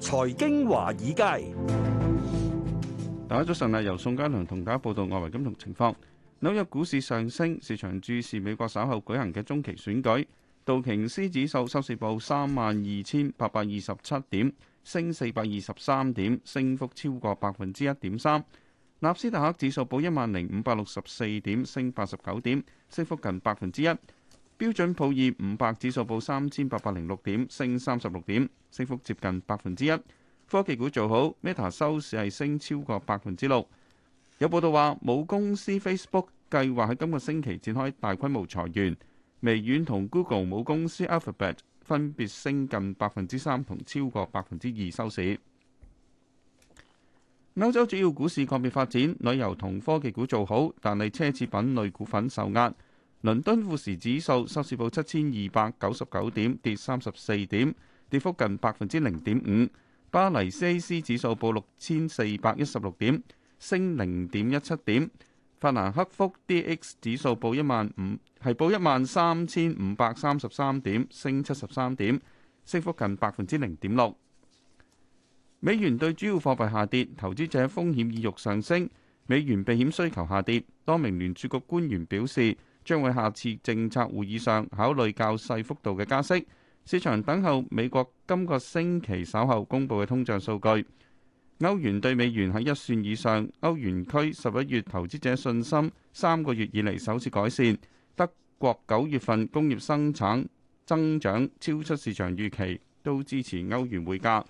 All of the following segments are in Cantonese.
財經華爾街，大家早晨啊！由宋嘉良同大家報道外圍金融情況。紐約股市上升，市場注視美國稍後舉行嘅中期選舉。道瓊斯指數收市報三萬二千八百二十七點，升四百二十三點，升幅超過百分之一點三。納斯達克指數報一萬零五百六十四點，升八十九點，升幅近百分之一。標準普爾五百指數報三千八百零六點，升三十六點，升幅接近百分之一。科技股做好，Meta 收市係升超過百分之六。有報道話，母公司 Facebook 計劃喺今個星期展開大規模裁員。微軟同 Google 母公司 Alphabet 分別升近百分之三同超過百分之二收市。歐洲主要股市個別發展，旅遊同科技股做好，但係奢侈品類股份受壓。倫敦富時指數收市報七千二百九十九點，跌三十四點，跌幅近百分之零點五。巴黎 CAC 指數報六千四百一十六點，升零點一七點。法蘭克福 DAX 指數報一萬五，係報一萬三千五百三十三點，升七十三點，升幅近百分之零點六。美元對主要貨幣下跌，投資者風險意欲上升，美元避險需求下跌。多名聯儲局官員表示，將會下次政策會議上考慮較細幅度嘅加息。市場等候美國今個星期稍後公布嘅通脹數據。歐元對美元喺一算以上，歐元區十一月投資者信心三個月以嚟首次改善。德國九月份工業生產增長超出市場預期，都支持歐元匯價。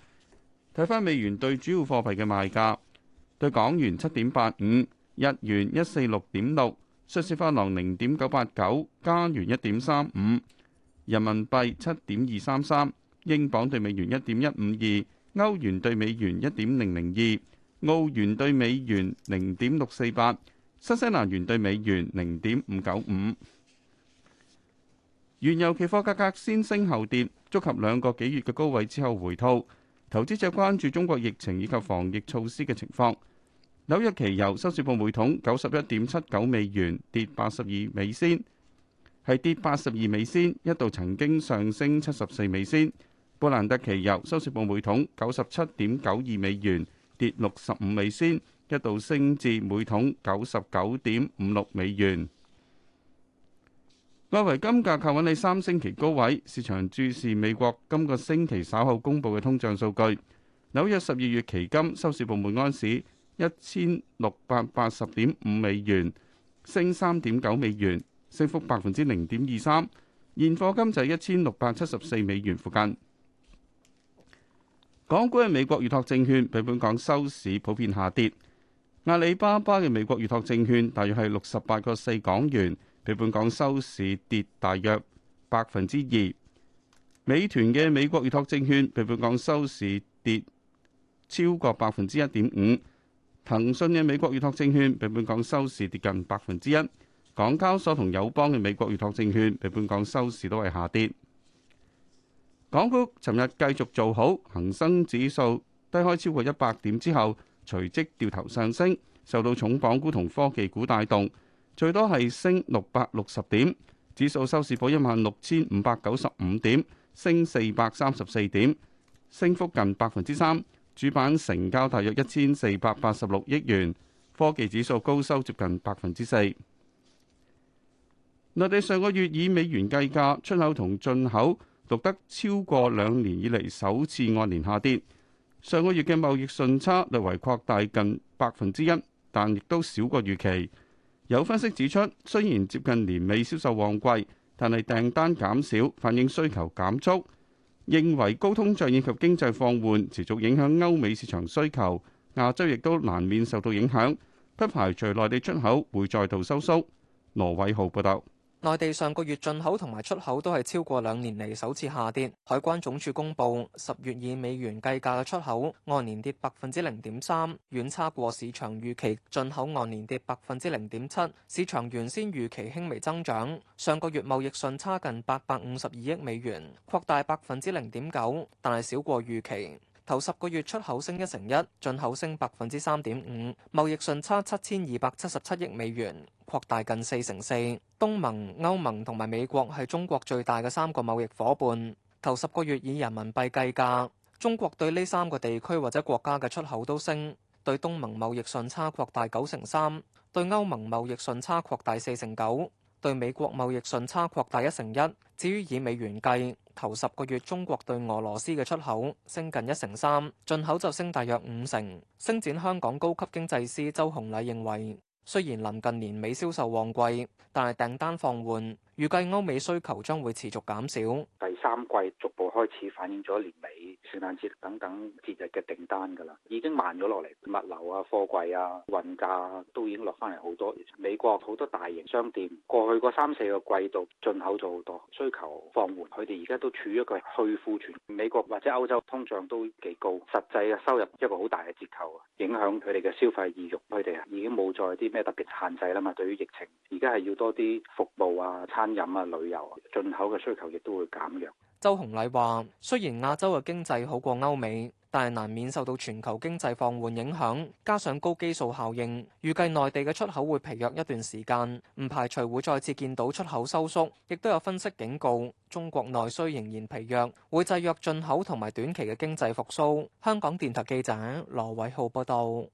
睇返美元對主要貨幣嘅賣價，對港元七點八五，日元一四六點六。瑞士法郎零點九八九，加元一點三五，人民幣七點二三三，英鎊對美元一點一五二，歐元對美元一點零零二，澳元對美元零點六四八，新西蘭元對美元零點五九五。原油期貨價格先升後跌，觸及兩個幾月嘅高位之後回吐，投資者關注中國疫情以及防疫措施嘅情況。紐約期油收市報每桶九十一點七九美元，跌八十二美仙，係跌八十二美仙，一度曾經上升七十四美仙。布蘭特期油收市報每桶九十七點九二美元，跌六十五美仙，一度升至每桶九十九點五六美元。外圍金價靠穩喺三星期高位，市場注視美國今個星期稍後公布嘅通脹數據。紐約十二月期金收市報每安士。一千六百八十點五美元，升三點九美元，升幅百分之零點二三。現貨金就一千六百七十四美元附近。港股嘅美國預託證券比本港收市普遍下跌。阿里巴巴嘅美國預託證券大約係六十八個四港元，比本港收市跌大約百分之二。美團嘅美國預託證券比本港收市跌超過百分之一點五。騰訊嘅美國預託證券比本港收市跌近百分之一，港交所同友邦嘅美國預託證券比本港收市都係下跌。港股尋日繼續做好，恒生指數低開超過一百點之後，隨即掉頭上升，受到重磅股同科技股帶動，最多係升六百六十點，指數收市報一萬六千五百九十五點，升四百三十四點，升幅近百分之三。主板成交大約一千四百八十六億元，科技指數高收接近百分之四。內地上個月以美元計價出口同進口錄得超過兩年以嚟首次按年下跌，上個月嘅貿易順差略為擴大近百分之一，但亦都少過預期。有分析指出，雖然接近年尾銷售旺季，但係訂單減少，反映需求減速。認為高通脹以及經濟放緩持續影響歐美市場需求，亞洲亦都難免受到影響，不排除內地出口會再度收縮。羅偉浩報道。內地上個月進口同埋出口都係超過兩年嚟首次下跌。海關總署公佈，十月以美元計價嘅出口按年跌百分之零點三，遠差過市場預期；進口按年跌百分之零點七，市場原先預期輕微增長。上個月貿易順差近八百五十二億美元，擴大百分之零點九，但係少過預期。頭十個月出口升一成一，進口升百分之三點五，貿易順差七千二百七十七億美元，擴大近四成四。東盟、歐盟同埋美國係中國最大嘅三個貿易伙伴。頭十個月以人民幣計價，中國對呢三個地區或者國家嘅出口都升，對東盟貿易順差擴大九成三，對歐盟貿易順差擴大四成九，對美國貿易順差擴大一成一。至於以美元計。頭十個月，中國對俄羅斯嘅出口升近一成三，進口就升大約五成。星展香港高級經濟師周洪禮認為。雖然臨近年尾銷售旺季，但係訂單放緩，預計歐美需求將會持續減少。第三季逐步開始反映咗年尾聖誕節等等節日嘅訂單㗎啦，已經慢咗落嚟，物流啊、貨櫃啊、運價都已經落翻嚟好多。美國好多大型商店過去嗰三四個季度進口咗好多需求放緩，佢哋而家都處於一個去庫存。美國或者歐洲通脹都幾高，實際嘅收入一個好大嘅折扣，影響佢哋嘅消費意欲。佢哋啊已經冇再啲。即係特別限制啦嘛，對於疫情，而家係要多啲服務啊、餐飲啊、旅遊啊進口嘅需求亦都會減弱。周洪禮話，雖然亞洲嘅經濟好過歐美，但係難免受到全球經濟放緩影響，加上高基數效應，預計內地嘅出口會疲弱一段時間，唔排除會再次見到出口收縮，亦都有分析警告，中國內需仍然疲弱，會制約進口同埋短期嘅經濟復蘇。香港電台記者羅偉浩報道。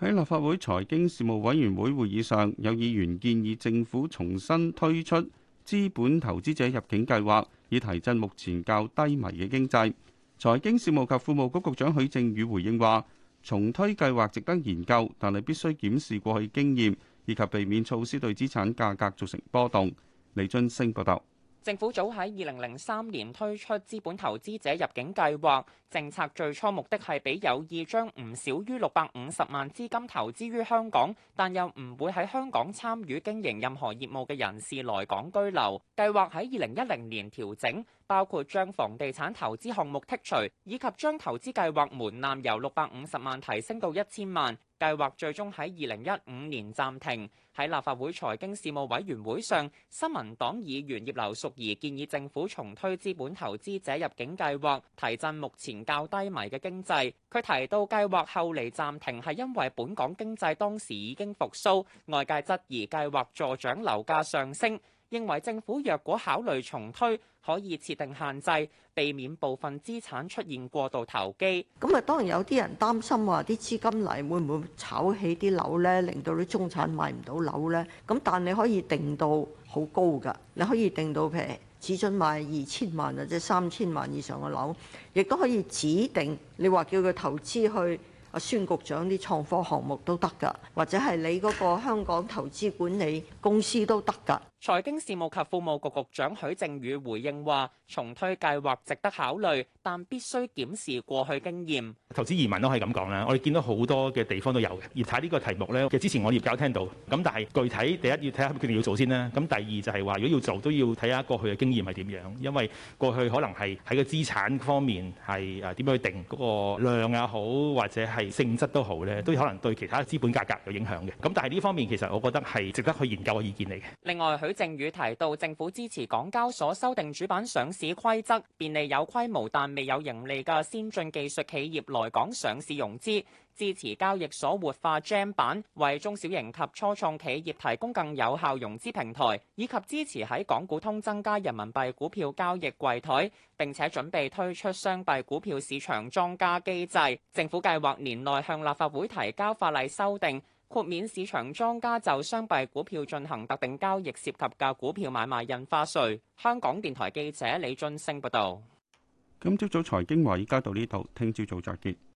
喺立法會財經事務委員會會議上，有議員建議政府重新推出資本投資者入境計劃，以提振目前較低迷嘅經濟。財經事務及庫務局局長許正宇回應話：重推計劃值得研究，但係必須檢視過去經驗，以及避免措施對資產價格造成波動。李津升報道。政府早喺二零零三年推出資本投資者入境計劃。政策最初目的係俾有意將唔少於六百五十萬資金投資於香港，但又唔會喺香港參與經營任何業務嘅人士來港居留。計劃喺二零一零年調整，包括將房地產投資項目剔除，以及將投資計劃門檻由六百五十萬提升到一千萬。計劃最終喺二零一五年暫停。喺立法會財經事務委員會上，新民黨議員葉劉淑儀建議政府重推資，資本投資者入境計劃，提振目前較低迷嘅經濟。佢提到計劃後嚟暫停係因為本港經濟當時已經復甦，外界質疑計劃助長樓價上升。認為政府若果考慮重推，可以設定限制，避免部分資產出現過度投機。咁啊，當然有啲人擔心話啲資金嚟會唔會炒起啲樓咧，令到啲中產買唔到樓咧。咁但你可以定到好高㗎，你可以定到譬如只准買二千萬或者三千萬以上嘅樓，亦都可以指定你話叫佢投資去阿孫局長啲創科項目都得㗎，或者係你嗰個香港投資管理公司都得㗎。財經事務及庫務局局長許正宇回應話：重推計劃值得考慮，但必須檢視過去經驗。投資移民都可以咁講啦，我哋見到好多嘅地方都有嘅。而睇呢個題目咧，其實之前我哋亦都有聽到，咁但係具體第一要睇下決定要做先啦。咁第二就係話如果要做都要睇下過去嘅經驗係點樣，因為過去可能係喺個資產方面係誒點樣去定嗰個量也好，或者係性質都好咧，都可能對其他資本價格有影響嘅。咁但係呢方面其實我覺得係值得去研究嘅意見嚟嘅。另外許。鄭宇提到，政府支持港交所修訂主板上市規則，便利有規模但未有盈利嘅先進技術企業來港上市融資；支持交易所活化 GEM 板，為中小型及初創企業提供更有效融資平台；以及支持喺港股通增加人民幣股票交易櫃台，並且準備推出雙幣股票市場莊家機制。政府計劃年內向立法會提交法例修訂。豁免市場莊家就雙幣股票進行特定交易涉及嘅股票買賣印花稅。香港電台記者李進升報道。今朝早財經話已經到呢度，聽朝早再見。